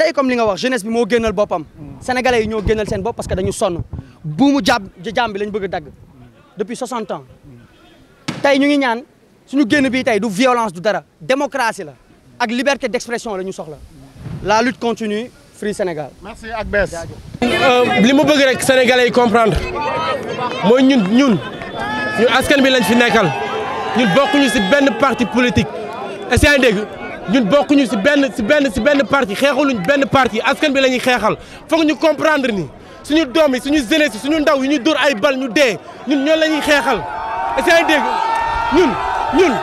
tay comme li nga wax jeunesse bi mo gënal bopam sénégalais yi ñoo gënal sen bop parce que dañu sonn bu mu jàmm bi lañ bëgg dag depuis 60 ans tay ñu ngi ñaan suñu génn bi tay du violence du dara démocratie la ak liberté d'expression lañu soxla la lutte continue Free Sénégal. merci ak bees. Euh, li ma bëgg rek sénégalais yi comprendre moy ñun ñun ñu askan bi lañ fi nekkal ñun ñu ci benn parti politique est dégg ñun bokkuñu si benn si benn si benn parti xeexaluñ benn parti askan bi la ñuy xeexal foog ñu comprendre ni suñu doom yi suñu jeunesse yi suñu ndaw yi ñu dor ay bal ñu dee ñun ñoo la ñuy xeexal. est-ce que dégg ñun ñun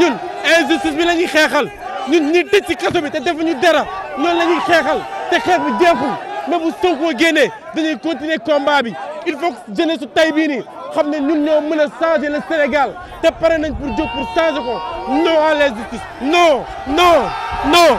ñun injustice bi la ñuy xeexal ñun ñuy tëj ci kaso bi te ñu dara ñoo la ñuy xeexal te xeex bi jeexul même bu Sonko génnee dañuy continuer combat bi il faut que jeunesse su tey bii nii xam ne ñun ñoo mën a changer le Sénégal te pare nañ pour jóg pour changer ko. Non à l'injustice. Non, non, non.